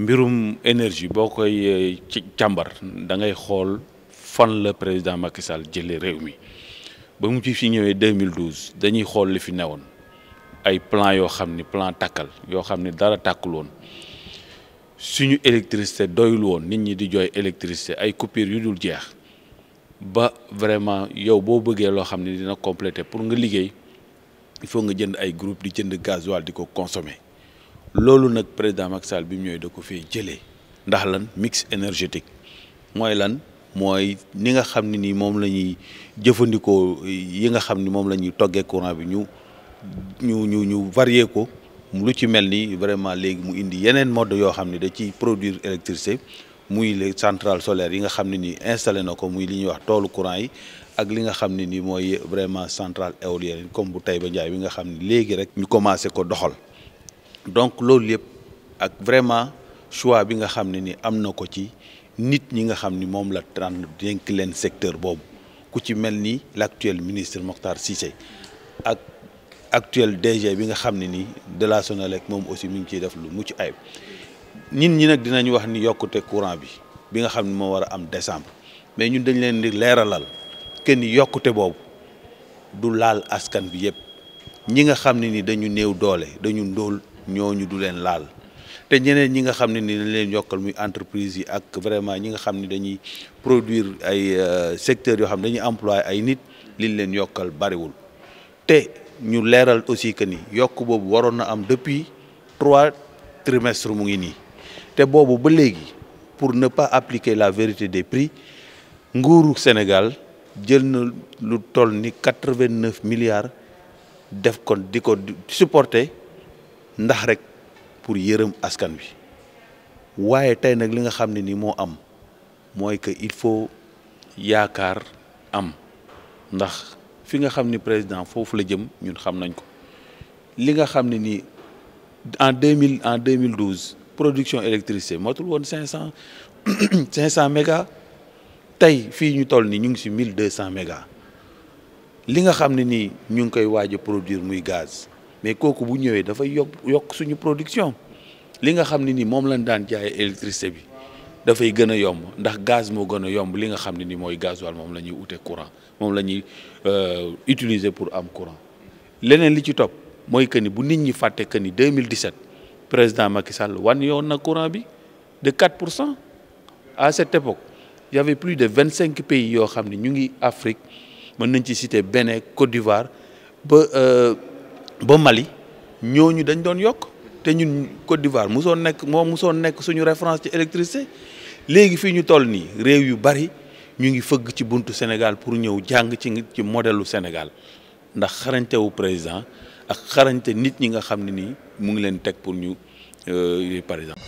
mbirum énergie boo eh, ci càmbar da ngay xol fan le président Macky Sall jëlee réew ba mu ci fi ñëwee 2012 dañuy xol li fi néwon ay plan yo xamni plan takal yo xamni dara takul won suñu électricité doyul won nit ñi di joy électricité ay coupure yu dul jeex ba vraiment yow bo bëggé lo xamni dina compléter pour nga liggéey il faut nga jënd ay groupe di jënd gasoil di ko consommer loolu nag président Macky bi mu ñëwee da ko fee jëlee ndax lan mix énergétique mooy lan mooy ni nga xam ne ni moom la ñuy jëfandikoo yi nga xam ni moom la ñuy toggee courant bi ñu ñu ñu ñu varier ko lu ci mel ni vraiment léegi mu indi yeneen mode yoo xam ne da ciy produire électricité muy les central solaires yi nga xam ne ni installé na ko muy li ñuy wax toolu courant yi ak li nga xam ne ni mooy vraiment centrale éolienne comme bu tey ba njaay bi nga xam ni léegi rek ñu commencé ko doxal donc loolu yëpp ak vraiment choix bi nga xam ne ni am na ko ci nit ñi nga xam ni moom la tànn dénk leen secteur boobu ku ci mel ni l'actuel ministre Mokhtar Cissé ak actuel DG bi nga xam ne ni de la Senelec moom aussi mi ngi ciy def lu mucc ayib nit ñi nag dinañ wax ni yokkute courant bi bi nga xam ne moo war a am décembre mais ñun dañ leen di leeralal que ni yokkute boobu du laal askan bi yëpp ñi nga xam ne ni dañu néew doole dañu ndóol ñooñu du leen laal te ñeneen ñi nga xamni ni dañ leen yokkal muy entreprise yi ak vraiment ñi nga xamni dañuy produire ay euh, secteur yo xamni dañuy employé ay nit li leen bari wul te ñu léral aussi que ni yok bobu waroon na am depuis 3 trimestres mu ngi ni te bobu ba légui pour ne pas appliquer la vérité des prix nguruk Sénégal jël na lu toll ni 89 milliards def ko diko supporter ndax rek pour yeureum askan wi waye tay nak li nga xamni ni mo am moy que il faut yaakaar am ndax fi nga xamni ni président foofu la jëm ñun xam nañ ko li nga xamni ni en deux en 2012 production électricité matul won 500 500 méga tay fi ñu toll ni ñu ngi ci 1200 méga li nga xamni ni ñu ngi koy waaj produire muy gaz mais kooku bu ñëwee dafa yokk yok suñu production li nga xamni ni mom lañ daan jaay électricité bi da fay gëna yomb ndax gaz mo gëna yomb li nga xamni ni moy gasoil mom la ñuy courant mom la ñuy euh, utiliser pour am courant leneen li ci top moy que ni bu nit ñi faté que ni 2017 président Macky Sall wan yoon na courant bi de 4 à cette époque il y avait plus de 25 pays yo xamni ñu ngi Afrique mën nañ ci citer Bénin Côte d'Ivoire ba. Euh, ba Mali ñooñu dañ doon yokk te ñun Côte d'Ivoire musoon nekk moom musoon nekk suñu référence ci électricité léegi fii ñu toll nii réew yu bari ñu ngi fëgg ci buntu Sénégal pour ñëw jàng ci ci modèlu Sénégal ndax xarañtewu président ak xarañte nit ñi nga xam ne nii mu ngi leen teg pour ñu euh, par exemple.